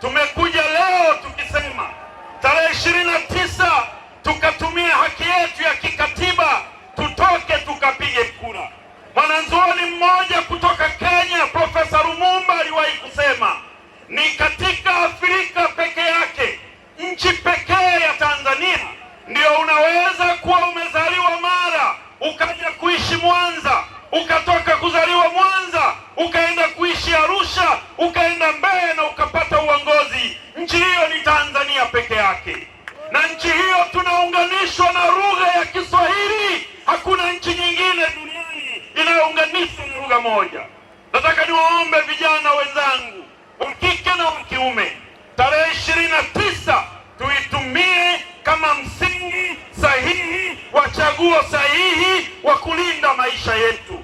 Tumekuja leo tukisema tarehe ishirini na tisa tukatumia haki yetu ya kikatiba, tutoke tukapige kura. Mwanazuoni mmoja kutoka Kenya, Profesa Lumumba aliwahi kusema ni katika Afrika peke yake, nchi pekee ya Tanzania ndio unaweza kuwa umezaliwa Mara, ukaja kuishi Mwanza, ukatoka kuzaliwa Mwanza ukaenda kuishi Arusha, ukaenda Mbeya na ukapata uongozi. Nchi hiyo ni Tanzania peke yake, na nchi hiyo tunaunganishwa na lugha ya Kiswahili. Hakuna nchi nyingine duniani inayounganishwa na lugha moja. Nataka niwaombe vijana wenzangu wa kike na wa kiume, tarehe ishirini na tisa tuitumie kama msingi sahihi wa chaguo sahihi wa kulinda maisha yetu.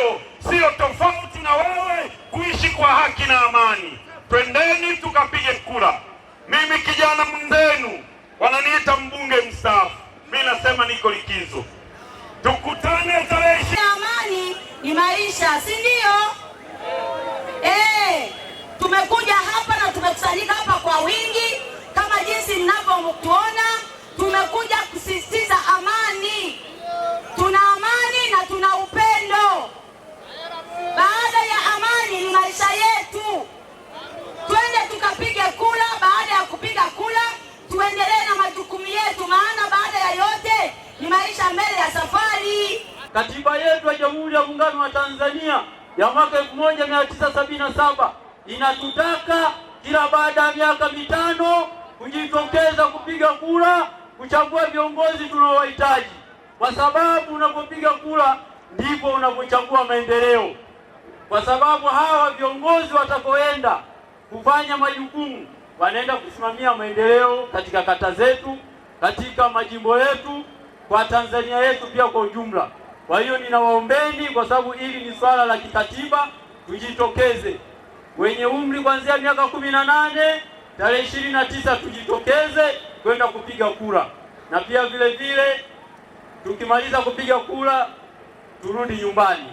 nayo siyo tofauti na wewe kuishi kwa haki na amani. Twendeni tukapige kura. Mimi kijana mndenu, wananiita mbunge mstaafu, mimi nasema niko likizo. Tukutane tarehe Amani ni maisha, si ndio? Eh, tumekuja hapa na tumekusanyika hapa kwa wingi kama jinsi mnavyotuona, tumekuja kusisitiza Jamhuri ya Muungano wa Tanzania ya mwaka 1977 inatutaka kila baada ya miaka mitano kujitokeza kupiga kura kuchagua viongozi tunaowahitaji, kwa sababu unapopiga kura ndipo unapochagua maendeleo, kwa sababu hawa viongozi watakoenda kufanya majukumu wanaenda kusimamia maendeleo katika kata zetu, katika majimbo yetu, kwa Tanzania yetu pia kwa ujumla. Kwa hiyo ninawaombeni, kwa sababu hili ni swala la kikatiba, tujitokeze wenye umri kuanzia miaka kumi na nane tarehe ishirini na tisa tujitokeze kwenda kupiga kura, na pia vile vile tukimaliza kupiga kura turudi nyumbani,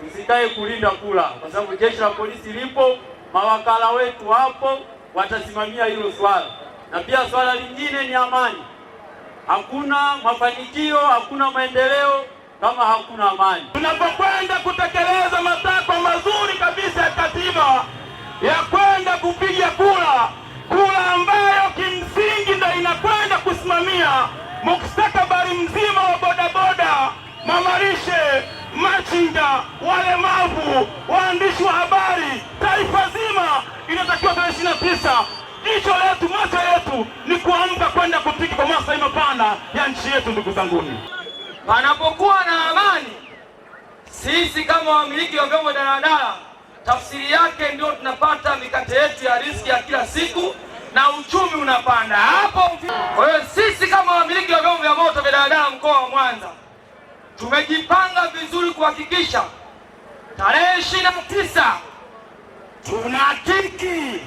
tusikae kulinda kura, kwa sababu jeshi la polisi lipo, mawakala wetu hapo watasimamia hilo swala. Na pia swala lingine ni amani. Hakuna mafanikio, hakuna maendeleo kama hakuna amani. Tunapokwenda kutekeleza matakwa mazuri kabisa ya katiba ya kwenda kupiga kura, kura ambayo kimsingi ndo inakwenda kusimamia mustakabali mzima wa bodaboda, mamarishe machinga, walemavu, waandishi wa habari, taifa zima inatakiwa tarehe ishirini na tisa Jicho letu macho yetu ni kuamka kwenda kupiga kwa maslahi mapana ya nchi yetu, ndugu zanguni. Panapokuwa na amani, sisi kama wamiliki wa vyombo daladala, tafsiri yake ndio tunapata mikate yetu ya riziki ya kila siku na uchumi unapanda hapo. Kwa hiyo sisi kama wamiliki wa vyombo vya moto vya daladala mkoa wa Mwanza tumejipanga vizuri kuhakikisha tarehe ishirini na tisa tunatiki